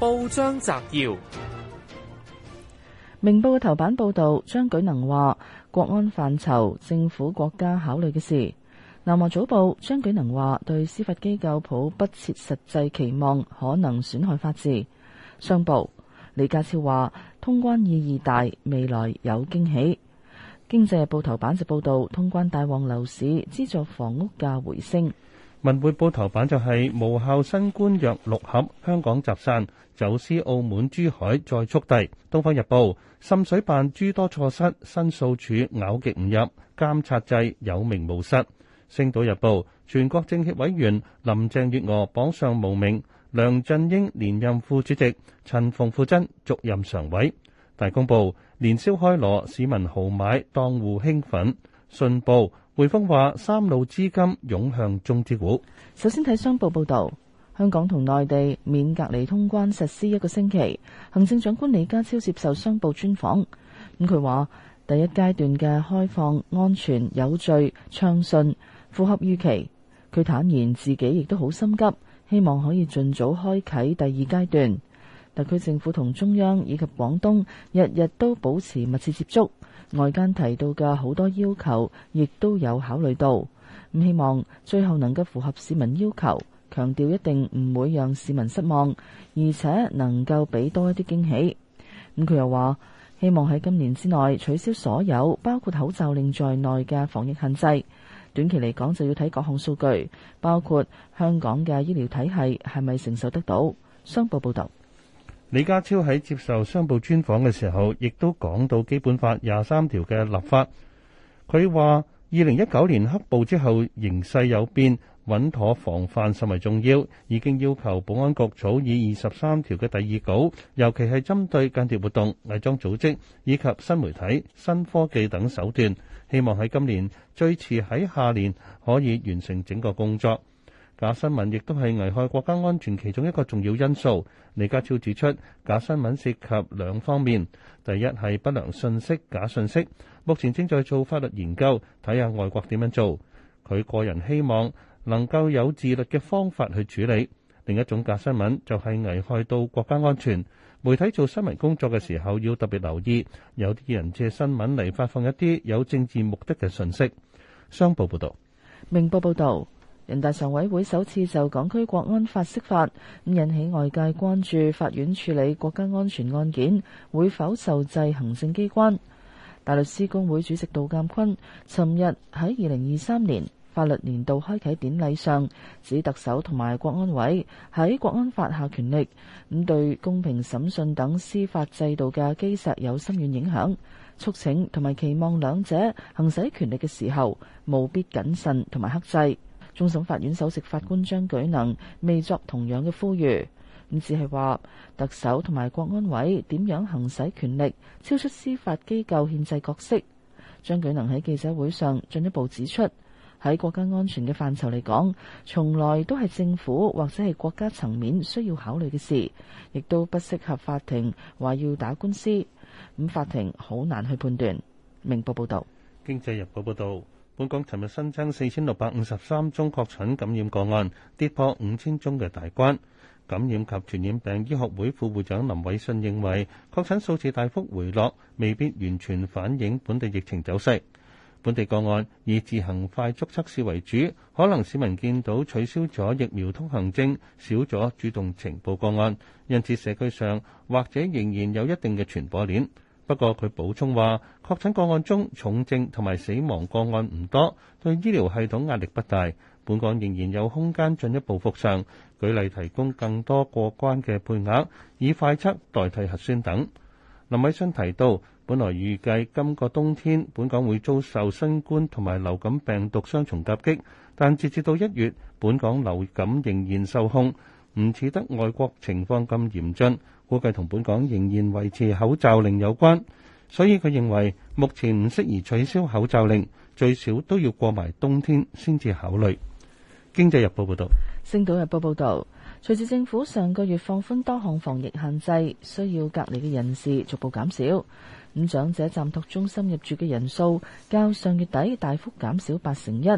報章摘要：明報嘅頭版報道，張舉能話國安範疇，政府國家考慮嘅事。南華早報張舉能話，對司法機構抱不切實際期望，可能損害法治。商報李家超話，通關意義大，未來有驚喜。經濟日報頭版就報道，通關大旺樓市，資助房屋價回升。文匯報頭版，就係無效新冠藥六盒香港，集散走私，澳門珠海再速遞。東方日報滲水辦諸多錯失，申訴處咬極唔入，監察制有名無實。星島日報全國政協委員林鄭月娥榜上無名，梁振英連任副主席，陳馮富珍續任常委。大公報：「年宵開羅，市民豪買，檔戶興奮。信報匯豐話三路資金湧向中資股。首先睇商報報道，香港同內地免隔離通關實施一個星期。行政長官李家超接受商報專訪，咁佢話第一階段嘅開放安全有序暢順，符合預期。佢坦言自己亦都好心急，希望可以盡早開啟第二階段。特區政府同中央以及廣東日日都保持密切接觸。外間提到嘅好多要求，亦都有考慮到。咁希望最後能夠符合市民要求，強調一定唔會讓市民失望，而且能夠俾多一啲驚喜。咁佢又話：希望喺今年之內取消所有包括口罩令在內嘅防疫限制。短期嚟講就要睇各項數據，包括香港嘅醫療體系係咪承受得到。商報報道。李家超喺接受商報專訪嘅時候，亦都講到《基本法》廿三條嘅立法。佢話二零一九年黑暴之後，形勢有變，穩妥防範甚為重要。已經要求保安局草擬二十三條嘅第二稿，尤其係針對間諜活動、偽裝組織以及新媒體、新科技等手段，希望喺今年最遲喺下年可以完成整個工作。假新聞亦都係危害國家安全其中一個重要因素。李家超指出，假新聞涉及兩方面，第一係不良信息、假信息，目前正在做法律研究，睇下外國點樣做。佢個人希望能夠有自律嘅方法去處理。另一種假新聞就係危害到國家安全。媒體做新聞工作嘅時候要特別留意，有啲人借新聞嚟發放一啲有政治目的嘅信息。商報報道，明報報道。人大常委會首次就港區國安法釋法，引起外界關注。法院處理國家安全案件會否受制行政機關？大律師公會主席杜鑒坤尋日喺二零二三年法律年度開啟典禮上指，特首同埋國安委喺國安法下權力咁對公平審訊等司法制度嘅基石有深遠影響，促請同埋期望兩者行使權力嘅時候務必謹慎同埋克制。終審法院首席法官張舉能未作同樣嘅呼籲，咁只係話特首同埋國安委點樣行使權力，超出司法機構憲制角色。張舉能喺記者會上進一步指出，喺國家安全嘅範疇嚟講，從來都係政府或者係國家層面需要考慮嘅事，亦都不適合法庭話要打官司。咁法庭好難去判斷。明報報道，經濟日報報道。本港尋日新增四千六百五十三宗確診感染個案，跌破五千宗嘅大關。感染及傳染病醫學會副會長林偉信認為，確診數字大幅回落，未必完全反映本地疫情走勢。本地個案以自行快速測試為主，可能市民見到取消咗疫苗通行證，少咗主動情報個案，因此社區上或者仍然有一定嘅傳播鏈。不過，佢補充話，確診個案中重症同埋死亡個案唔多，對醫療系統壓力不大。本港仍然有空間進一步復上，舉例提供更多過關嘅配額，以快測代替核酸等。林偉新提到，本來預計今個冬天本港會遭受新冠同埋流感病毒雙重夾擊，但截至到一月，本港流感仍然受控。唔似得外國情況咁嚴峻，估計同本港仍然維持口罩令有關，所以佢認為目前唔適宜取消口罩令，最少都要過埋冬天先至考慮。經濟日報報道，星島日報報道，隨住政府上個月放寬多項防疫限制，需要隔離嘅人士逐步減少，咁長者暫托中心入住嘅人數較上月底大幅減少八成一。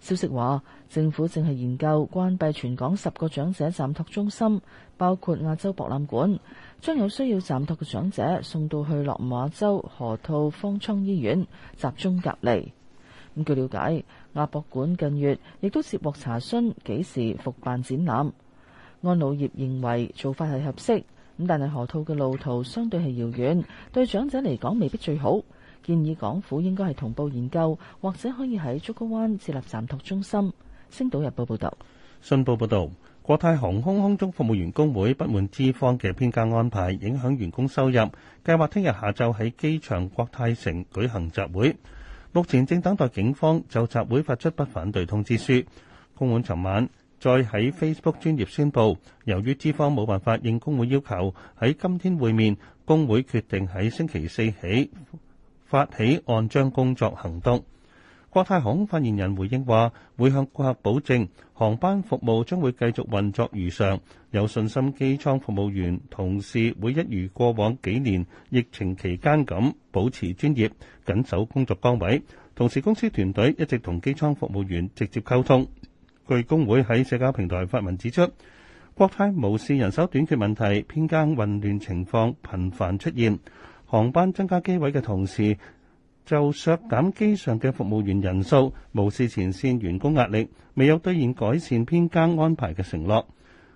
消息話，政府正係研究關閉全港十個長者暫託中心，包括亞洲博覽館，將有需要暫託嘅長者送到去落馬洲河套方艙醫院集中隔離。咁據了解，亞博館近月亦都接獲查詢幾時復辦展覽。安老業認為做法係合適，咁但係河套嘅路途相對係遙遠，對長者嚟講未必最好。建議港府應該係同步研究，或者可以喺竹篙灣設立暫托中心。星島日報報道，信報報道國泰航空空中服務員工會不滿資方嘅偏家安排，影響員工收入，計劃聽日下晝喺機場國泰城舉行集會。目前正等待警方就集會發出不反對通知書。工會尋晚再喺 Facebook 專業宣布，由於資方冇辦法應工會要求喺今天會面，工會決定喺星期四起，發起按章工作行動，國泰航空發言人回應話會向顧客保證航班服務將會繼續運作如常，有信心機艙服務員同事會一如過往幾年疫情期間咁，保持專業，緊守工作崗位。同時公司團隊一直同機艙服務員直接溝通。據工會喺社交平台發文指出，國泰無視人手短缺問題，偏間混亂情況頻繁出現。航班增加機位嘅同時，就削減機上嘅服務員人數，無視前線員工壓力，未有兌現改善編更安排嘅承諾。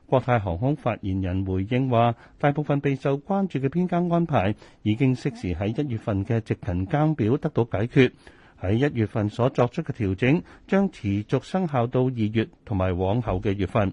國泰航空發言人回應話：大部分備受關注嘅編更安排已經適時喺一月份嘅直勤更表得到解決，喺一月份所作出嘅調整將持續生效到二月同埋往後嘅月份。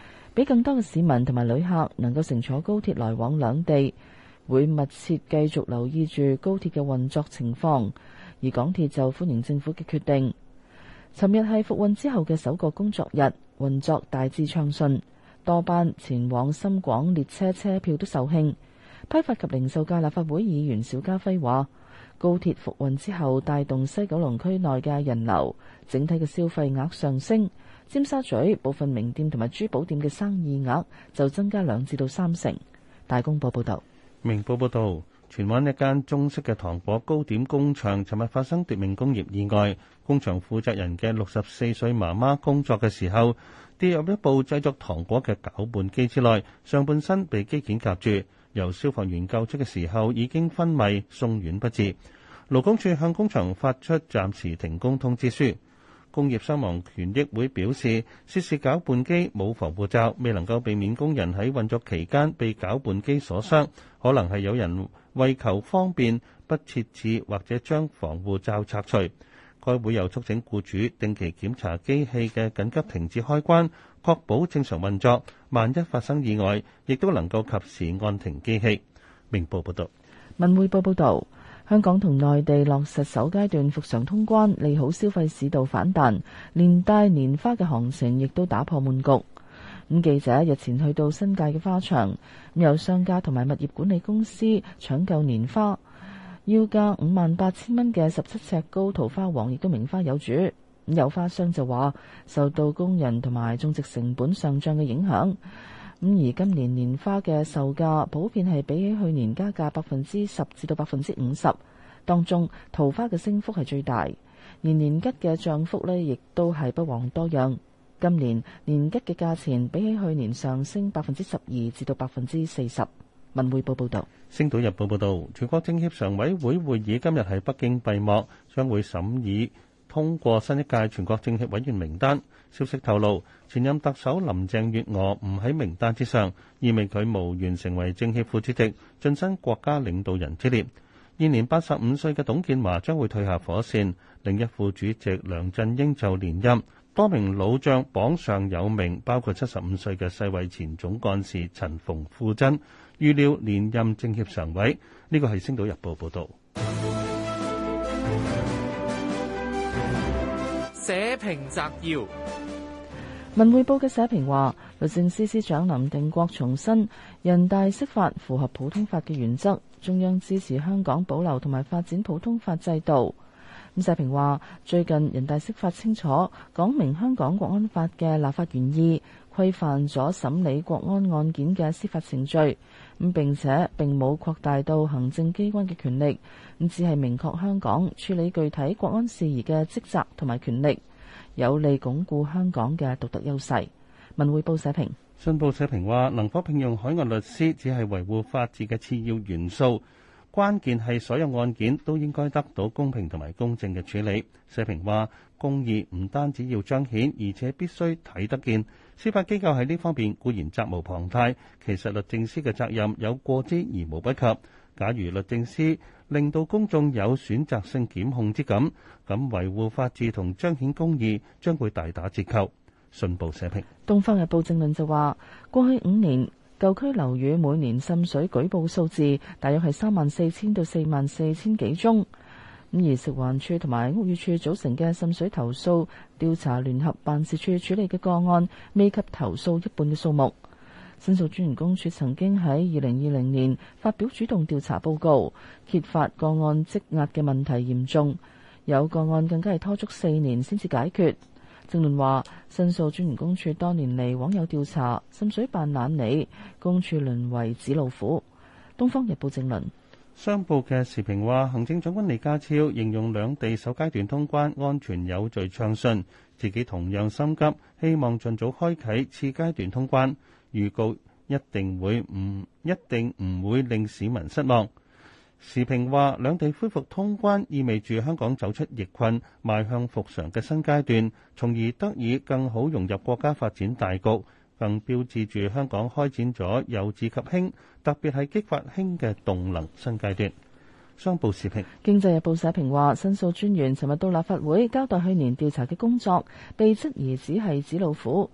俾更多嘅市民同埋旅客能夠乘坐高鐵來往兩地，會密切繼續留意住高鐵嘅運作情況。而港鐵就歡迎政府嘅決定。尋日係復運之後嘅首個工作日，運作大致暢順，多班前往深港列車車票都售罄。批發及零售界立法會議員邵家輝話：高鐵復運之後帶動西九龍區內嘅人流，整體嘅消費額上升。尖沙咀部分名店同埋珠寶店嘅生意額就增加兩至到三成。大公報報道，明報報道，荃灣一間中式嘅糖果糕點工場尋日發生奪命工業意外。工場負責人嘅六十四歲媽媽工作嘅時候跌入一部製作糖果嘅攪拌機之內，上半身被機件夾住，由消防員救出嘅時候已經昏迷，送院不治。勞工處向工場發出暫時停工通知書。工業傷亡權益會表示，涉事攪拌機冇防護罩，未能夠避免工人喺運作期間被攪拌機所傷，可能係有人為求方便不設置或者將防護罩拆除。該會又促請僱主定期檢查機器嘅緊急停止開關，確保正常運作，萬一發生意外，亦都能夠及時按停機器。明報報道，文匯報報道。香港同內地落實首階段復常通關，利好消費市道反彈，連帶年花嘅行情亦都打破悶局。咁記者日前去到新界嘅花場，有商家同埋物業管理公司搶救年花，要價五萬八千蚊嘅十七尺高桃花王亦都名花有主。有花商就話，受到工人同埋種植成本上漲嘅影響。咁而今年年花嘅售價普遍係比起去年加價百分之十至到百分之五十，當中桃花嘅升幅係最大，而年桔嘅漲幅咧亦都係不遑多讓，今年年桔嘅價錢比起去年上升百分之十二至到百分之四十。文匯報報道，星島日報報道，全國政協常委會會議今日喺北京閉幕，將會審議通過新一屆全國政協委員名單。消息透露，前任特首林鄭月娥唔喺名單之上，意味佢無緣成為政協副主席，晉身國家領導人之列。現年八十五歲嘅董建華將會退下火線，另一副主席梁振英就連任。多名老將榜上有名，包括七十五歲嘅世衛前總幹事陳馮富珍，預料連任政協常委。呢個係《星島日報》報道。 社評摘要：文匯報嘅社評話，律政司司長林定國重申，人大釋法符合普通法嘅原則，中央支持香港保留同埋發展普通法制度。社評話：最近人大釋法清楚講明香港國安法嘅立法原意，規範咗審理國安案件嘅司法程序，咁並且並冇擴大到行政機關嘅權力，咁只係明確香港處理具體國安事宜嘅職責同埋權力，有利鞏固香港嘅獨特優勢。文匯報社評，信報社評話，能否聘用海外律師，只係維護法治嘅次要元素。關鍵係所有案件都應該得到公平同埋公正嘅處理。社評話：公義唔單止要彰顯，而且必須睇得見。司法機構喺呢方面固然責無旁貸，其實律政司嘅責任有過之而無不及。假如律政司令到公眾有選擇性檢控之感，咁維護法治同彰顯公義將會大打折扣。信報社評，《東方日報》政論就話：過去五年。舊區樓宇每年滲水舉報數字，大約係三萬四千到四萬四千幾宗。咁而食環署同埋屋宇署組成嘅滲水投訴調查聯合辦事處處理嘅個案，未及投訴一半嘅數目。申訴專員公署曾經喺二零二零年發表主動調查報告，揭發個案積壓嘅問題嚴重，有個案更加係拖足四年先至解決。正論話，申訴專員公署多年嚟，枉有調查滲水辦懶理，公署淪為紙老虎。東方日報正論，商報嘅時評話，行政長官李家超形容兩地首階段通關安全有序暢順，自己同樣心急，希望盡早開啟次階段通關，預告一定會唔一定唔會令市民失望。時評話，兩地恢復通關意味住香港走出疫困，邁向復常嘅新階段，從而得以更好融入國家發展大局，更標誌住香港開展咗由治及興，特別係激發興嘅動能新階段。商報時評，經濟日報社評話，申訴專員尋日到立法會交代去年調查嘅工作，被質疑只係指老虎。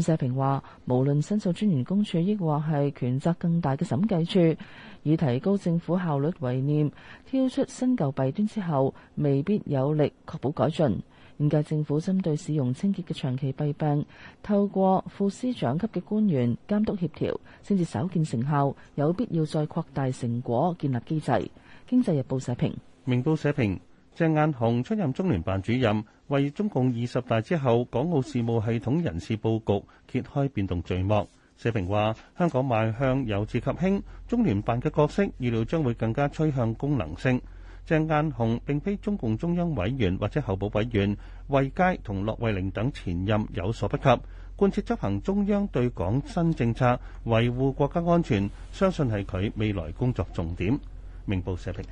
社評話：無論申訴專員公署，亦或係權責更大嘅審計處，以提高政府效率為念，挑出新舊弊端之後，未必有力確保改進。現屆政府針對市容清潔嘅長期弊病，透過副司長級嘅官員監督協調，先至稍見成效，有必要再擴大成果，建立機制。經濟日報社評、明報社評，鄭雁雄出任中聯辦主任。為中共二十大之後港澳事務系統人事佈局揭開變動序幕。社評話：香港邁向由治及興，中聯辦嘅角色預料將會更加趨向功能性。鄭雁雄並非中共中央委員或者候補委員，惠佳同駱惠寧等前任有所不及。貫徹執行中央對港新政策，維護國家安全，相信係佢未來工作重點。明報社評。